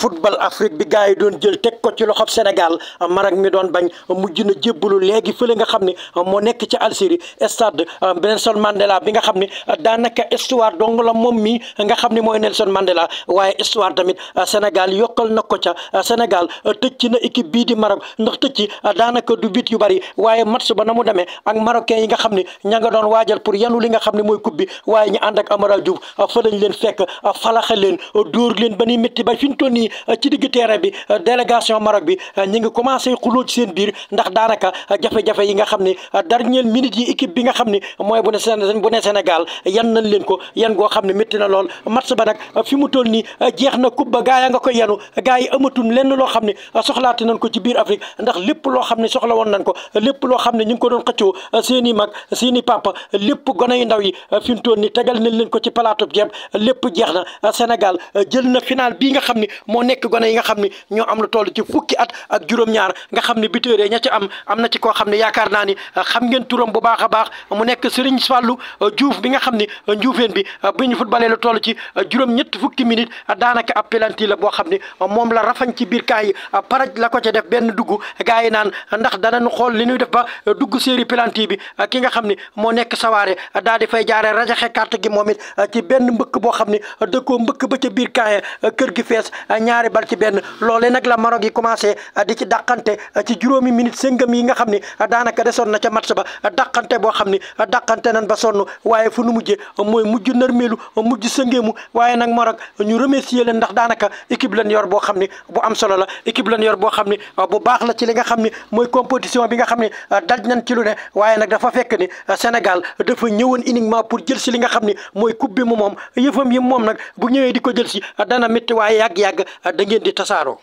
football Afrique bi gars yi doon jël teg ko ci loxob Sénégal Maroc mi doon bañ mujj na jébbalu léegi fële nga xam ne moo nekk ci Algérie stade euh, Nelson Mandela bi nga xam ne euh, daanaka histoire dong la moom mi nga xam ne mooy Nelson Mandela waaye histoire tamit euh, Sénégal yokkal na ko ca Sénégal tëj ci na équipe bii di Maroc ndax tëj ci daanaka du bit yu bari waaye match ba na mu demee ak marocain yi nga xam ne ña nga doon waajal pour yanu li nga xam ne mooy coupe bi waaye ñu ànd ak Amara Diouf fa ni métti toll nii euh, ci digg terrain bi euh, délégation Maroc bi euh, ñu ngi commencé xuloo ci seen biir ndax daanaka jafe-jafe yi nga xam ne dernière minute yi équipe bi nga xam ne mooy bu ne bu ne Sénégal yan nañ leen ko yan goo xam ne métti na lool match ba nag fi mu toll nii jeex na coupe ba gaa ya nga koy yanu a yi amatul len loo xam ne soxlaati nañ ko ci biir Afrique ndax lépp loo xam ne soxla woon nañ ko lépp loo xam ne ñu ngi ko doon xëccoo seen i mag seen i papa lépp gone yu ndaw yi fi mu toll nii tegal nañ leen ko ci palaatu jeeb lépp jeex na Sénégal moo nekk gone yi nga xam ni ñoo am lu toll ci fukki at ak juróom-ñaar nga xam ni buteur ña ci am am na ci koo xam ne yaakaar naa ni euh, xam ngeen turoom bu baax a baax mu nekk Serigne Fallou euh, Diouf bi nga xam ni euh, Ndioufène bi bi ñu footballé lu toll ci juróom-ñett fukki minutes daanaka ab penalty la boo xam ni moom la rafañ ci biir kaay yi paraj la ko ca def benn dugg gars yi naan ndax danañ xool li ñuy def ba dugg série penalty bi ki nga xam ni moo nekk sawaare daal di fay jaaree rajaxe carte gi moom it ci benn mbëkk boo xam ni da koo mbëkk ba ca biir kaay kër gi fees ñaari bal ci benn loole nag la Maroc yi commencé euh, di ci dàqante euh, ci juróomi minute sëngam yi nga xam ni euh, daanaka desoon na ca match ba daqante boo xam ni daqante nan ba sonn waaye fu nu mujje mooy mujj nërmeelu mujj sëngeemu waaye nag Maroc ñu remercier leen ndax daanaka équipe lan yor boo xam ni bu am solo la équipe yor boo xam ni bu baax la ci li nga xam ni mooy compétition bi nga xam ni daj nañ ci lu ne waaye nag dafa fekk ni Sénégal dafa ñëwoon uniquement pour jël si li nga xam ni mooy coupe bi moom yëfam yi moom nag bu ñëwee di ko jël si dana métti yàgg-yàgg yàgg ah, da ngeen di tasaaroo